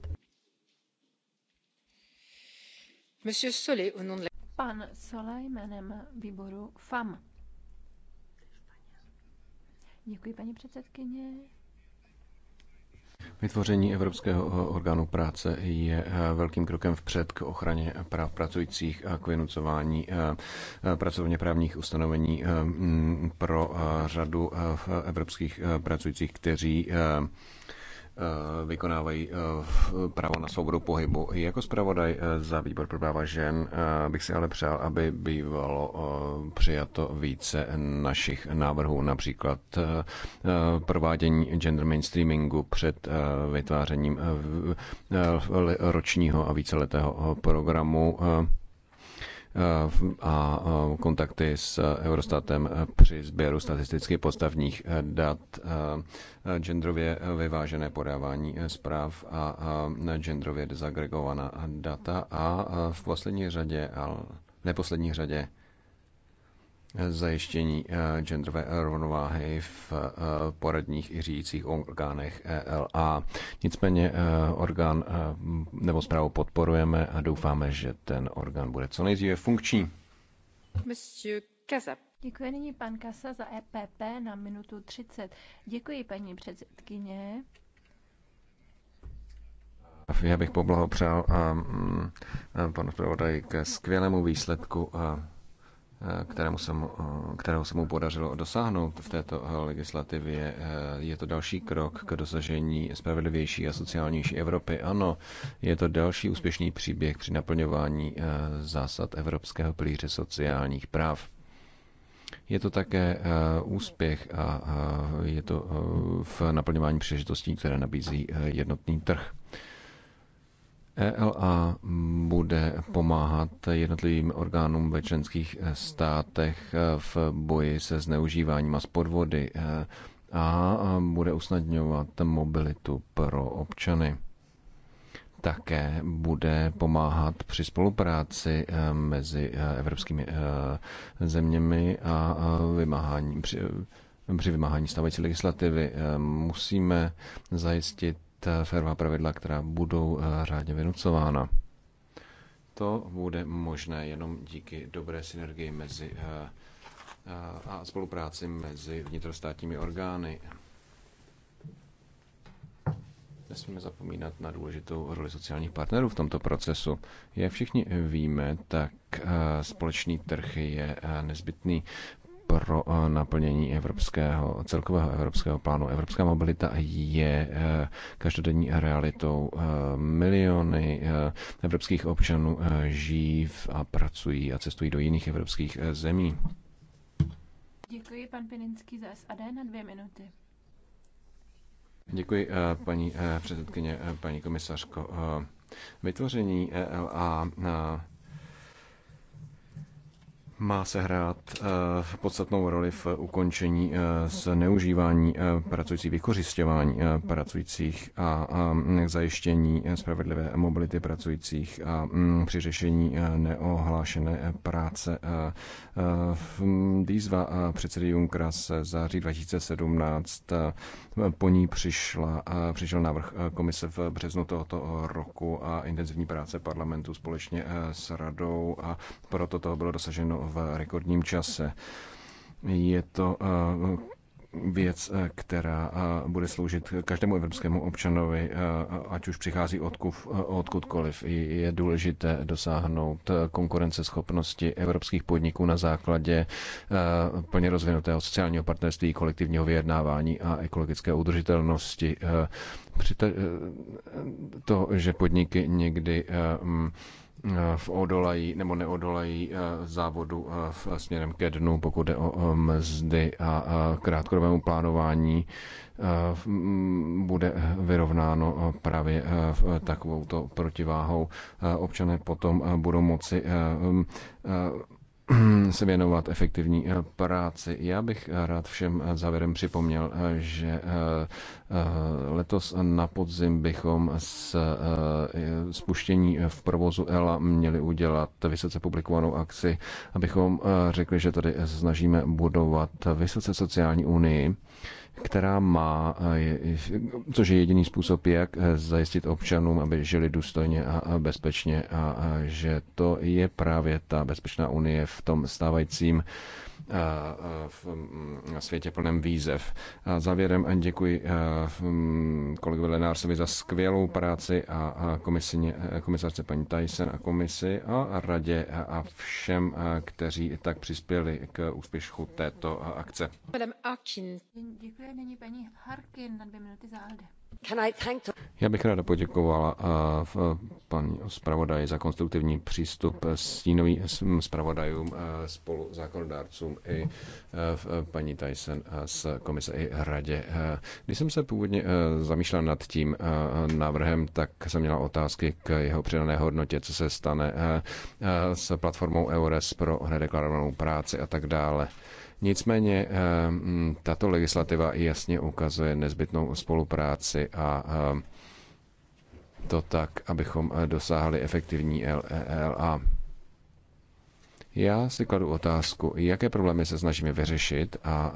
Pan Solé jménem výboru FAM. Děkuji, paní předsedkyně. Vytvoření Evropského orgánu práce je eh, velkým krokem vpřed k ochraně práv pracujících a k vynucování eh, eh, pracovně právních ustanovení pro řadu evropských pracujících, kteří Eh, vykonávají eh, právo na svobodu pohybu. i Jako zpravodaj eh, za výbor pro práva žen bych si ale přál, aby bývalo přijato více našich návrhů, například provádění gender mainstreamingu před vytvářením ročního a víceletého programu a kontakty s Eurostatem při sběru statisticky podstavních dat, genderově vyvážené podávání zpráv a genderově dezagregovaná data a v poslední řadě, ale neposlední řadě, zajištění eh, genderové rovnováhy v eh, poradních i řídících orgánech ELA. Nicméně eh, orgán nebo zprávu podporujeme a doufáme, že ten orgán bude co nejdříve funkční. Děkuji nyní pan Kasa za EPP na minutu 30. Děkuji paní předsedkyně. Já bych poblahopřál a, a mm, panu zpravodaji ke skvělému výsledku a Eh, kterému se mu, eh, kterého se mu podařilo dosáhnout v této eh, legislativě. Je to další krok k dosažení spravedlivější a sociálnější Evropy. Ano, je to další úspěšný příběh při naplňování zásad Evropského pilíře sociálních práv. Je to také úspěch a je to v naplňování příležitostí, které nabízí jednotný trh. ELA bude pomáhat jednotlivým orgánům ve členských e, státech e, v boji se zneužíváním a s podvody e, a bude usnadňovat mobilitu pro občany. Také bude pomáhat při spolupráci mezi evropskými zeměmi a vymáhání, při, při vymáhání stávající legislativy. Musíme zajistit férová pravidla, která budou eh, řádně vynucována. To bude možné jenom díky dobré synergii mezi eh, eh, a spolupráci mezi vnitrostátními orgány. Nesmíme zapomínat na důležitou roli sociálních partnerů v tomto procesu. Jak všichni víme, tak společný trh je nezbytný pro eh, naplnění evropského, celkového evropského plánu. Evropská mobilita je eh, každodenní realitou. Eh, miliony evropských občanů žijí a pracují a cestují do jiných evropských zemí. Děkuji, pan Pininský za SAD na dvě minuty. Děkuji, paní předsedkyně, paní komisařko. Vytvoření ELA má se hrát eh, podstatnou roli v ukončení eh, zneužívání eh, pracujících, vykořišťování pracujících a mm, zajištění spravedlivé mobility pracujících a mm, při řešení neohlášené práce. Mm, výzva předsedy Junckera se září 2017 po ní přišla, přišel návrh e, komise v březnu tohoto e, roku a intenzivní práce parlamentu společně e, s radou a proto toho bylo dosaženo v rekordním čase. Je to věc, eh, která eh, bude sloužit každému evropskému občanovi, eh, ať už přichází odkud, odkudkoliv. Je důležité dosáhnout konkurenceschopnosti evropských podniků na základě plně rozvinutého sociálního partnerství, kolektivního vyjednávání a ekologické udržitelnosti. Při to, že podniky někdy mm, Eh, v odolají nebo neodolají eh, závodu eh, v směrem ke dnu, pokud jde o mzdy a krátkodobému plánování, mm, bude vyrovnáno právě takovouto protiváhou. Občané potom budou moci mm, Hmm, se věnovat efektivní eh, práci. Já bych eh, rád všem eh, závěrem připomněl, že letos na podzim bychom s spuštění v provozu ELA měli udělat vysoce publikovanou akci, abychom řekli, že tady snažíme budovat vysoce sociální unii která má, eh, což je jediný způsob, jak eh, zajistit občanům, aby žili důstojně a bezpečně a že to je právě ta bezpečná unie v tom stávajícím Eh, eh, v mm, světě plném výzev. A závěrem děkuji eh, mm, kolegovi Lenársovi za skvělou práci a komisině, komisařce paní Tyson a komisi a radě a všem, kteří tak přispěli k úspěchu této akce. Děkuji nyní paní Harkin na dvě minuty záhady. Já bych ráda poděkovala eh, eh, paní zpravodaji za konstruktivní přístup stínovým zpravodajům, eh, spolu zákonodárcům i paní Tyson z komise i radě. Když jsem se původně zamýšlel nad tím návrhem, tak jsem měla otázky k jeho přidané hodnotě, co se stane s platformou EURES pro nedeklarovanou práci a tak dále. Nicméně eh, mm, tato legislativa jasně ukazuje nezbytnou spolupráci a eh, to tak, abychom eh, dosáhli efektivní LLA. E, Já si kladu otázku, jaké problémy se snažíme vyřešit a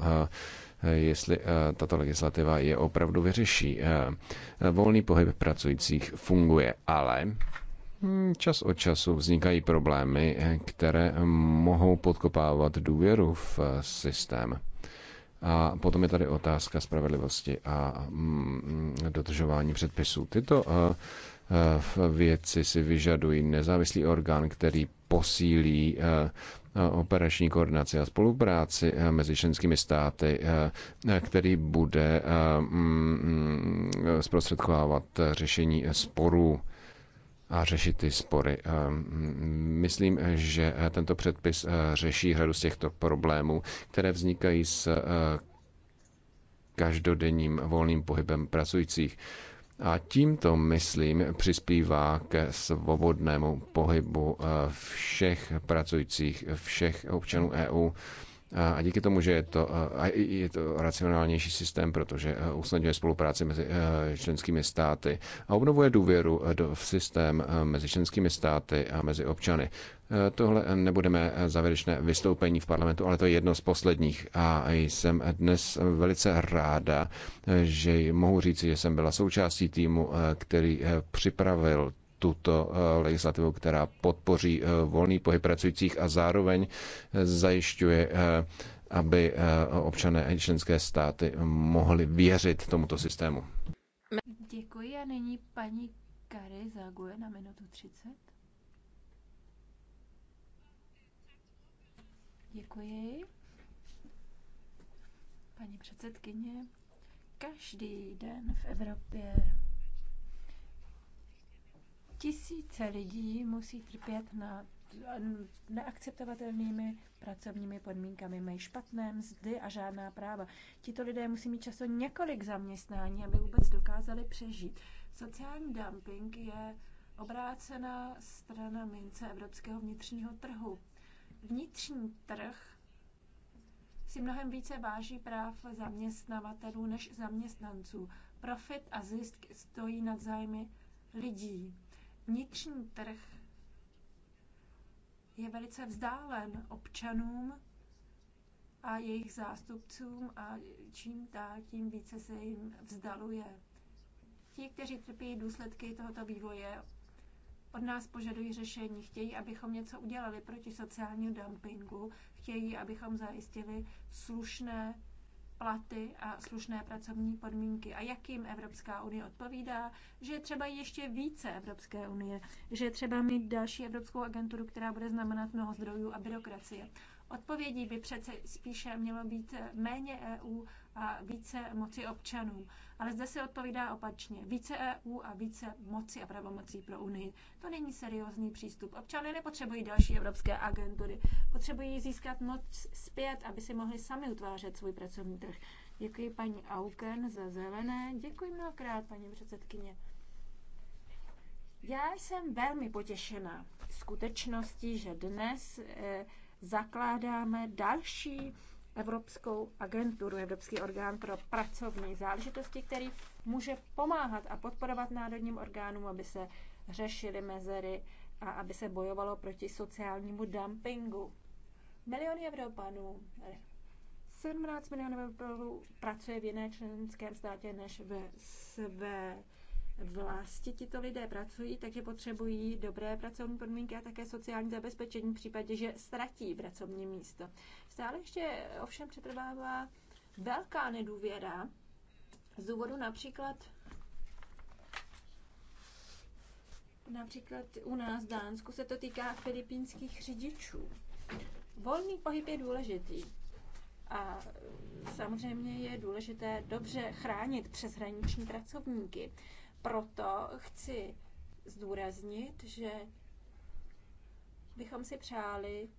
jestli tato legislativa je opravdu vyřeší. Volný pohyb pracujících funguje, ale Hmm, čas od času vznikají problémy, které mohou podkopávat důvěru v systém. A potom je tady otázka spravedlivosti a mm, dodržování předpisů. Tyto eh, eh, věci si vyžadují nezávislý orgán, který posílí eh, operační koordinaci a spolupráci mezi členskými státy, který bude mm, mm, zprostředkovávat řešení sporů a řešit ty spory. Eh, mm, myslím, že eh, tento předpis eh, řeší řadu z těchto problémů, které vznikají s každodenním volným pohybem pracujících. A tímto, myslím, přispívá ke svobodnému pohybu všech pracujících, všech občanů EU a díky tomu, že je to, je to racionálnější systém, protože usnadňuje spolupráci mezi členskými státy a obnovuje důvěru v systém mezi členskými státy a mezi občany. Tohle nebudeme závěrečné vystoupení v parlamentu, ale to je jedno z posledních a jsem dnes velice ráda, že mohu říci, že jsem byla součástí týmu, který připravil tuto eh, legislativu, která podpoří eh, volný pohyb pracujících a zároveň eh, zajišťuje aby občané a členské státy mohli věřit tomuto systému. Děkuji a nyní paní Kary Zaguje na minutu 30. Děkuji. Paní předsedkyně, každý den v Evropě Tisíce lidí musí trpět na neakceptovatelnými pracovními podmínkami, mají špatné mzdy a žádná práva. Tito lidé musí mít často několik zaměstnání, aby vůbec dokázali přežít. Sociální dumping je obrácená strana mince evropského vnitřního trhu. Vnitřní trh si mnohem více váží práv zaměstnavatelů než zaměstnanců. Profit a zisk stojí nad zájmy lidí vnitřní trh je velice vzdálen občanům a jejich zástupcům a čím dál tím více se jim vzdaluje. Ti, kteří trpí důsledky tohoto vývoje, od nás požadují řešení, chtějí, abychom něco udělali proti sociálnímu dumpingu, chtějí, abychom zajistili slušné platy a slušné pracovní podmínky. A jak jim Evropská unie odpovídá, že je třeba ještě více Evropské unie, že je třeba mít další Evropskou agenturu, která bude znamenat mnoho zdrojů a byrokracie. Odpovědí by přece spíše mělo být méně EU a více moci občanům. Ale zde se odpovídá opačně. Více EU a více moci a pravomocí pro Unii. To není seriózní přístup. Občany nepotřebují další evropské agentury. Potřebují získat moc zpět, aby si mohli sami utvářet svůj pracovní trh. Děkuji paní Auken za zelené. Děkuji mnohokrát, paní předsedkyně. Já jsem velmi potěšena skutečností, že dnes eh, zakládáme další Evropskou agenturu, Evropský orgán pro pracovní záležitosti, který může pomáhat a podporovat národním orgánům, aby se řešily mezery a aby se bojovalo proti sociálnímu dumpingu. Miliony Evropanů, 17 milionů Evropanů pracuje v jiné členském státě než ve své vlasti tito lidé pracují, takže potřebují dobré pracovní podmínky a také sociální zabezpečení v případě, že ztratí pracovní místo. Stále ještě ovšem přetrvává velká nedůvěra z důvodu například Například u nás v Dánsku se to týká filipínských řidičů. Volný pohyb je důležitý. A samozřejmě je důležité dobře chránit přeshraniční pracovníky proto chci zdůraznit, že bychom si přáli,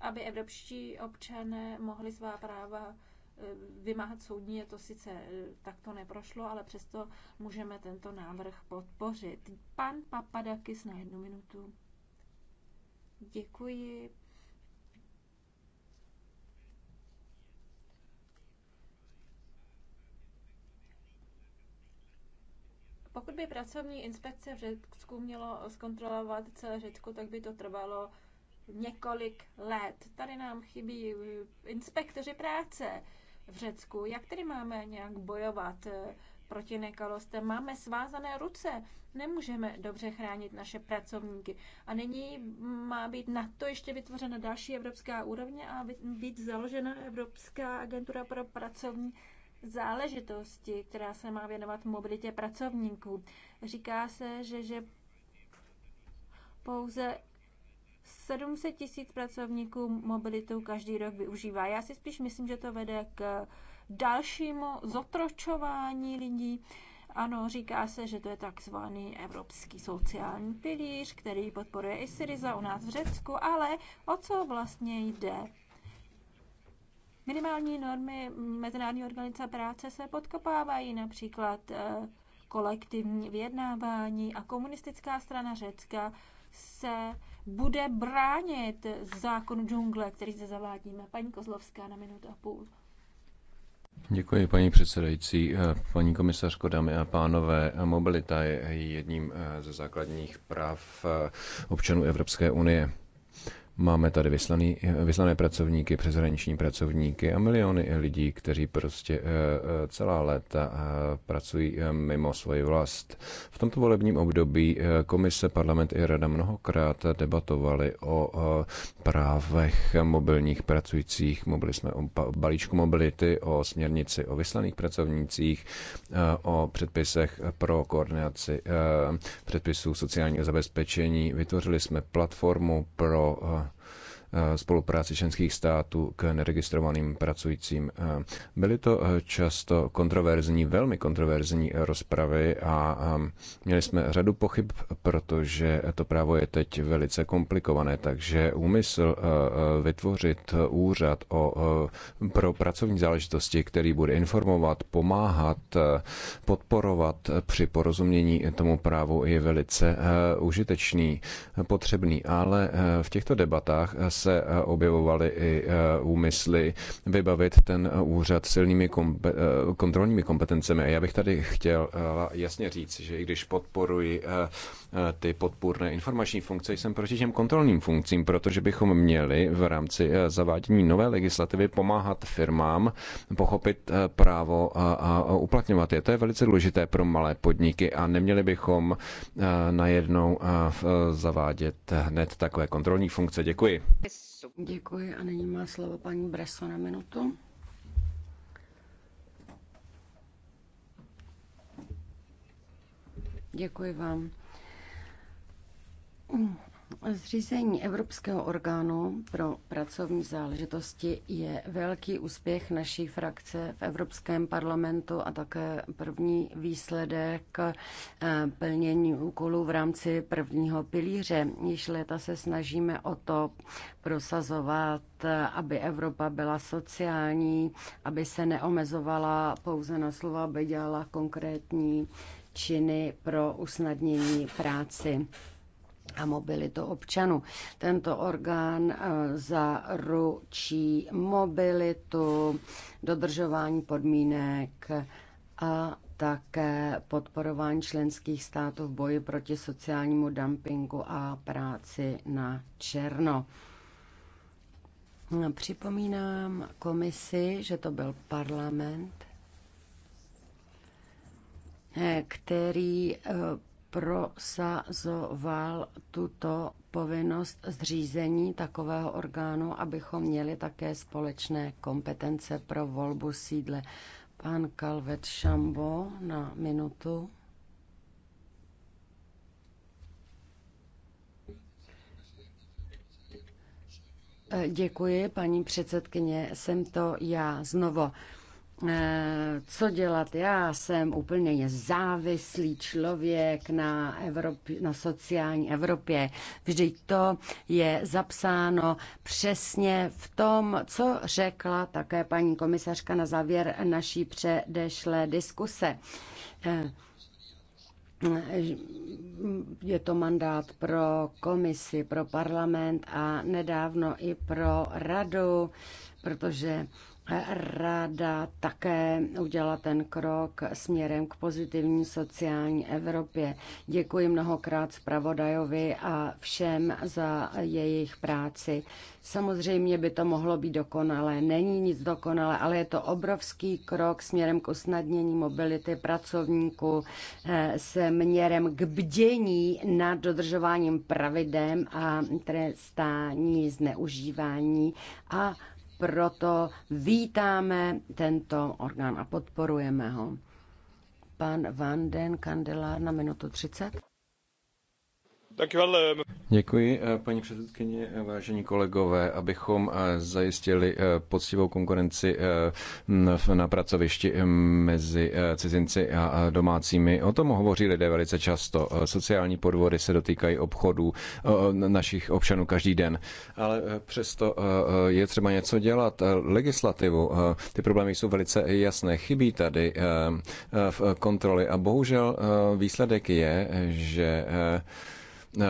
aby evropští občané mohli svá práva eh, vymáhat soudní, je to sice eh, takto neprošlo, ale přesto můžeme tento návrh podpořit. Pan Papadakis na jednu minutu. Děkuji, Pokud by pracovní inspekce v Řecku mělo zkontrolovat celé Řecko, tak by to trvalo několik let. Tady nám chybí inspektoři práce v Řecku. Jak tedy máme nějak bojovat eh, proti nekalostem? Máme svázané ruce, nemůžeme dobře chránit naše pracovníky. A nyní má být na to ještě vytvořena další evropská úrovně a být založena Evropská agentura pro pracovní záležitosti, která se má věnovat mobilitě pracovníků. Říká se, že, že pouze 700 tisíc pracovníků mobilitu každý rok využívá. Já si spíš myslím, že to vede k dalšímu zotročování lidí. Ano, říká se, že to je takzvaný evropský sociální pilíř, který podporuje i Syriza u nás v Řecku, ale o co vlastně jde? Minimální normy Mezinárodní organizace práce se podkopávají například eh, kolektivní vyjednávání a komunistická strana Řecka se bude bránit zákon džungle, který se zavádíme. Paní Kozlovská na minutu a půl. Děkuji, paní předsedající. Eh, paní komisařko, dámy a pánové, mobilita je jedním eh, ze základních práv občanů Evropské unie. Máme tady vyslaný, vyslané pracovníky, přeshraniční pracovníky a miliony lidí, kteří prostě eh, eh, celá léta eh, pracují mimo svoji vlast. V tomto volebním období komise, parlament i rada mnohokrát debatovali o právech mobilních pracujících. Mluvili jsme o balíčku mobility, o směrnici o vyslaných pracovnících, o předpisech pro koordinaci předpisů sociálního zabezpečení. Vytvořili jsme platformu pro Eh, spolupráci členských států k neregistrovaným pracujícím. Eh, byly to eh, často kontroverzní, velmi kontroverzní rozpravy a ehm, měli jsme řadu pochyb, protože to právo je teď velice komplikované, takže úmysl vytvořit úřad o, pro pracovní záležitosti, který bude informovat, pomáhat, podporovat při porozumění tomu právu je velice užitečný, potřebný, ale v těchto debatách se eh, objevovaly i eh, úmysly vybavit ten eh, úřad silnými kompe- kontrolními kompetencemi. A já bych tady chtěl jasně říct, že i když podporuji ty podpůrné informační funkce, jsem proti těm kontrolním funkcím, protože bychom měli v rámci zavádění nové legislativy pomáhat firmám pochopit právo a uplatňovat je. To je velice důležité pro malé podniky a neměli bychom najednou zavádět hned takové kontrolní funkce. Děkuji. Děkuji a nyní má slovo paní Breso na minutu. Děkuji vám. Zřízení Evropského orgánu pro pracovní záležitosti je velký úspěch naší frakce v Evropském parlamentu a také první výsledek eh, plnění úkolů v rámci prvního pilíře. Již léta se snažíme o to prosazovat, eh, aby Evropa byla sociální, aby se neomezovala pouze na slova, aby dělala konkrétní činy pro usnadnění práci a mobilitu občanů. Tento orgán eh, zaručí mobilitu, dodržování podmínek a také podporování členských států v boji proti sociálnímu dumpingu a práci na černo. Připomínám komisi, že to byl parlament, eh, který eh, prosazoval tuto povinnost zřízení takového orgánu, abychom měli také společné kompetence pro volbu sídle. Pan Kalvet Šambo na minutu. Děkuji, paní předsedkyně, jsem to já znovu. Eh, co dělat? Já jsem úplně závislý člověk na, Evropě, na sociální Evropě. Vždyť to je zapsáno přesně v tom, co řekla také paní komisařka na závěr naší předešlé diskuse. Eh, je to mandát pro komisi, pro parlament a nedávno i pro radu, protože ráda také udělala ten krok směrem k pozitivní sociální Evropě. Děkuji mnohokrát zpravodajovi a všem za jejich práci. Samozřejmě by to mohlo být dokonalé, není nic dokonalé, ale je to obrovský krok směrem k usnadnění mobility pracovníků, eh, směrem k bdění nad dodržováním pravidem a trestání zneužívání a proto vítáme tento orgán a podporujeme ho. Pan Van den Kandelár na minutu 30. Eh, Děkuji, eh, paní předsedkyně, eh, vážení kolegové, abychom zajistili poctivou konkurenci na pracovišti mezi cizinci a domácími. O tom hovoří lidé velice často. Sociální podvody se dotýkají obchodů našich občanů každý den, ale přesto je třeba něco dělat. Legislativu, ty problémy jsou velice jasné. Chybí tady v kontroly a bohužel výsledek je, že Eh,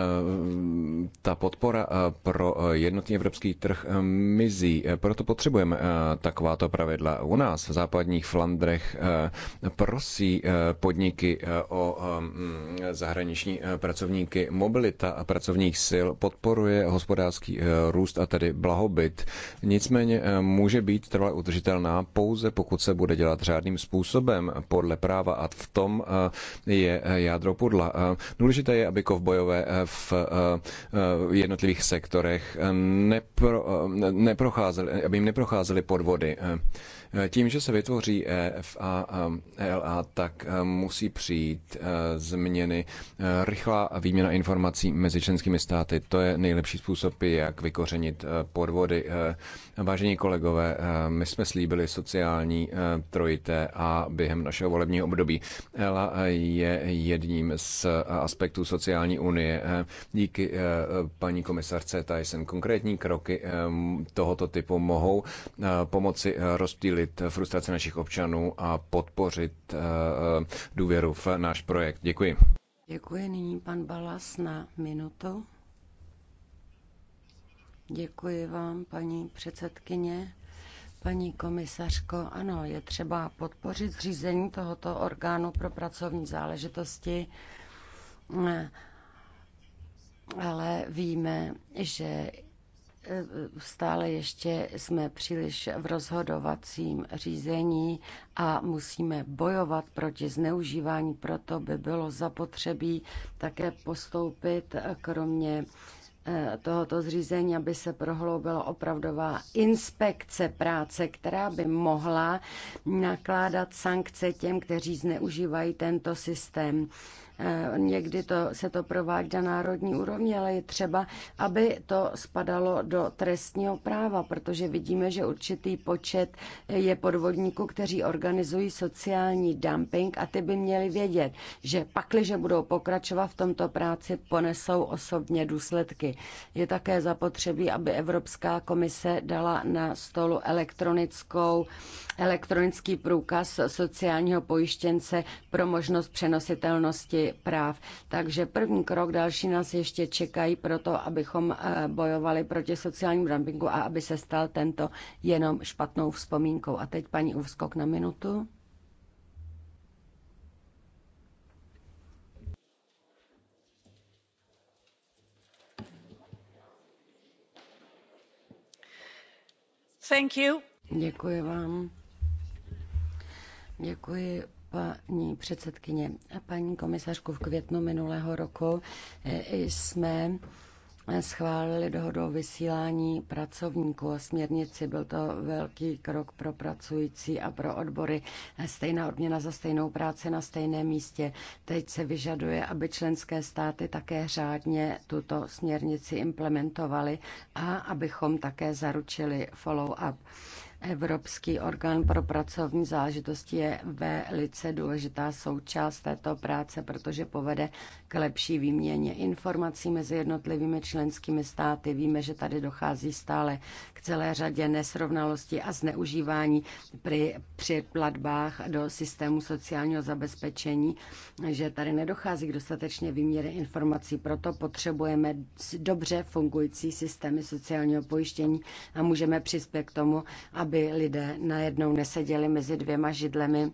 ta podpora eh, pro eh, jednotný evropský trh mizí. Proto potřebujeme takováto pravidla. U nás v západních Flandrech prosí podniky o mm, zahraniční pracovníky. Mobilita pracovních sil podporuje hospodářský růst a tedy blahobyt. Nicméně může být trvale udržitelná pouze pokud se bude dělat řádným způsobem podle práva a v tom je jádro pudla. Důležité je, aby kovbojové v eh, eh, jednotlivých sektorech eh, nepro, neprocházeli, aby jim neprocházely podvody. Eh, tím, že se vytvoří EFA, ELA, tak eh, musí přijít eh, změny. Rychlá výměna informací mezi členskými státy, to je nejlepší způsob, jak vykořenit podvody. Vážení kolegové, my jsme slíbili sociální trojité a během našeho volebního období ELA je jedním z aspektů sociální unie. Díky paní komisarce Tyson konkrétní kroky tohoto typu mohou pomoci rozptýlit vyřešit frustraci našich občanů a podpořit eh, eh, důvěru v náš projekt. Děkuji. Děkuji. Nyní pan Balas na minutu. Děkuji vám, paní předsedkyně. Paní komisařko, ano, je třeba podpořit zřízení tohoto orgánu pro pracovní záležitosti, eh, ale víme, že stále ještě jsme příliš v rozhodovacím řízení a musíme bojovat proti zneužívání, proto by bylo zapotřebí také postoupit kromě eh, tohoto zřízení, aby se prohloubila opravdová inspekce práce, která by mohla nakládat sankce těm, kteří zneužívají tento systém Eh, někdy to, se to provádí na národní úrovni, ale je třeba, aby to spadalo do trestního práva, protože vidíme, že určitý počet je podvodníků, kteří organizují sociální dumping a ty by měli vědět, že pakliže budou pokračovat v tomto práci, ponesou osobně důsledky. Je také zapotřebí, aby Evropská komise dala na stolu elektronickou elektronický průkaz sociálního pojištěnce pro možnost přenositelnosti práv. Takže první krok, další nás ještě čekají pro to, abychom eh, bojovali proti sociálnímu dumpingu a aby se stal tento jenom špatnou vzpomínkou. A teď paní Uvskok na minutu. Thank you. Děkuji vám. Děkuji, paní předsedkyně. A paní komisařku, v květnu minulého roku eh, jsme schválili dohodu o vysílání pracovníků a směrnici. Byl to velký krok pro pracující a pro odbory. Stejná odměna za stejnou práci na stejném místě. Teď se vyžaduje, aby členské státy také řádně tuto směrnici implementovaly a abychom také zaručili follow-up. Evropský orgán pro pracovní záležitosti je velice důležitá součást této práce, protože povede k lepší výměně informací mezi jednotlivými členskými státy. Víme, že tady dochází stále k celé řadě nesrovnalostí a zneužívání při, při platbách do systému sociálního zabezpečení, že tady nedochází k dostatečně výměře informací. Proto potřebujeme dobře fungující systémy sociálního pojištění a můžeme přispět k tomu, aby aby lidé najednou neseděli mezi dvěma židlemi,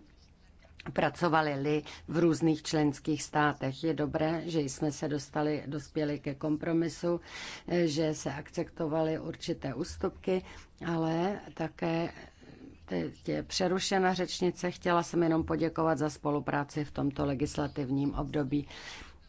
pracovali-li v různých členských státech. Je dobré, že jsme se dostali, dospěli ke kompromisu, že se akceptovaly určité ústupky, ale také Teď je přerušena řečnice. Chtěla jsem jenom poděkovat za spolupráci v tomto legislativním období.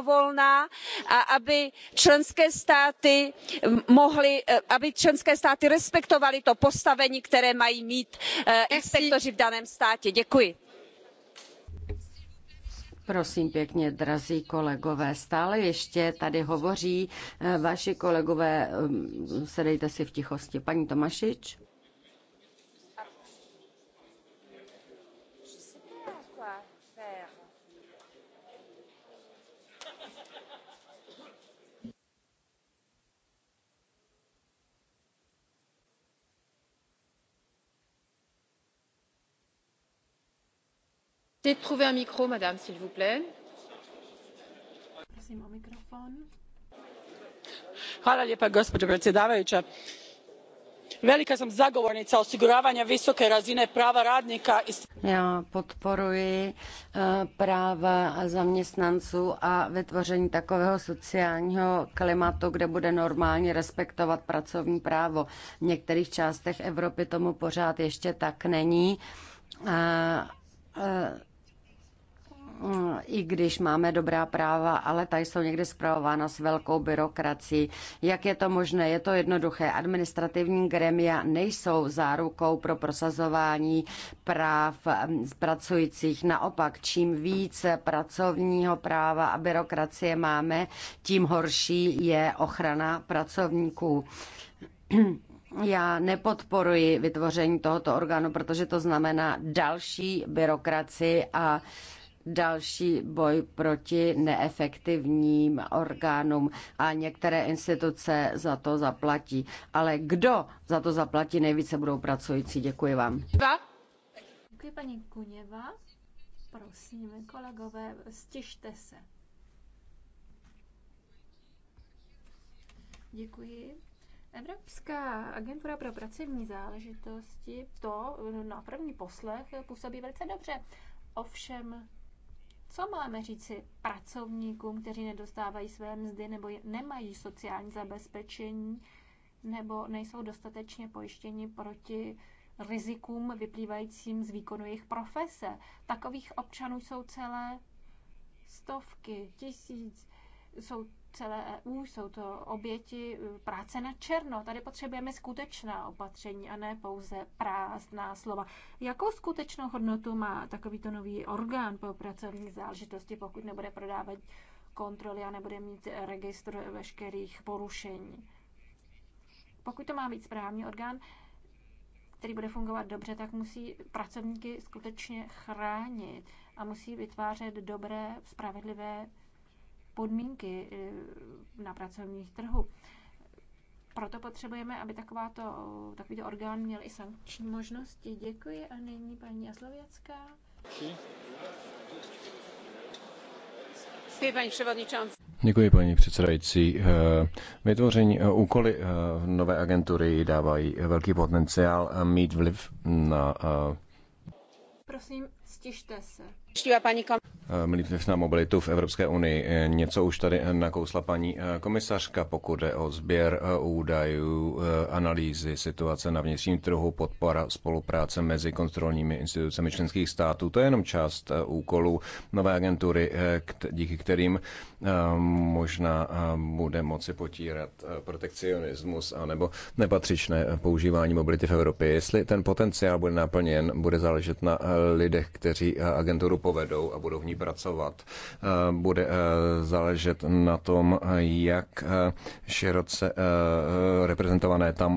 dobrovolná a eh, aby členské státy respektovaly to postavení které mají mít eh, inspektoři v daném státě. děkuji. Prosím pěkně, drazí kolegové, stále ještě tady hovoří eh, vaši kolegové, sedejte si v tichosti. Paní Tomašič. gospođo predsjednice velika sam zagovornica osiguravanja visoke razine prava radnika i. já podporuji e, práva zaměstnanců a vytvoření takového sociálního klimatu kde bude normálně respektovat pracovní právo. v některých částech evropy tomu pořád ještě tak není. a, e, i když máme dobrá práva, ale ta jsou někdy zpravována s velkou byrokracií. Jak je to možné? Je to jednoduché. Administrativní gremia nejsou zárukou pro prosazování práv pracujících. Naopak, čím více pracovního práva a byrokracie máme, tím horší je ochrana pracovníků. Já nepodporuji vytvoření tohoto orgánu, protože to znamená další byrokracii a další boj proti neefektivním orgánům a některé instituce za to zaplatí. Ale kdo za to zaplatí nejvíce budou pracující? Děkuji vám. Děkuji paní Kuněva. Prosím, kolegové, stište se. Děkuji. Evropská agentura pro pracovní záležitosti to na první poslech působí velice dobře. Ovšem co máme říci pracovníkům, kteří nedostávají své mzdy nebo nemají sociální zabezpečení nebo nejsou dostatečně pojištěni proti rizikům vyplývajícím z výkonu jejich profese? Takových občanů jsou celé stovky, tisíc, jsou celé EU. Jsou to oběti eh, práce na černo. Tady potřebujeme skutečná opatření a ne pouze prázdná slova. Jakou skutečnou hodnotu má takovýto nový orgán pro pracovní záležitosti, pokud nebude prodávat kontroly a nebude mít registr veškerých porušení? Pokud to má být správní orgán, který bude fungovat dobře, tak musí pracovníky skutečně chránit a musí vytvářet dobré, spravedlivé podmínky eh, na pracovních trhu. Proto potřebujeme, aby takováto, takovýto orgán měl i sankční možnosti. Děkuji a nyní paní Jaslověcká. Děkuji, paní předsedající. Eh, vytvoření eh, úkoly nové agentury dávají velký potenciál mít vliv na. Prosím, stižte se. Milí eh, na mobilitu v Evropské unii. Eh, Něco už tady eh, nakousla paní komisařka, pokud jde o sběr údajů, analýzy situace na vnitřním trhu, podpora spolupráce mezi kontrolními institucemi členských států. To je jenom část úkolů nové agentury, díky kterým možná bude moci potírat protekcionismus anebo nepatřičné používání mobility v Evropě. Jestli ten potenciál bude naplněn, bude záležet na lidech, kteří agenturu povedou a budou v ní pracovat, eh, bude eh, záležet na tom, jak eh, široce reprezentované tam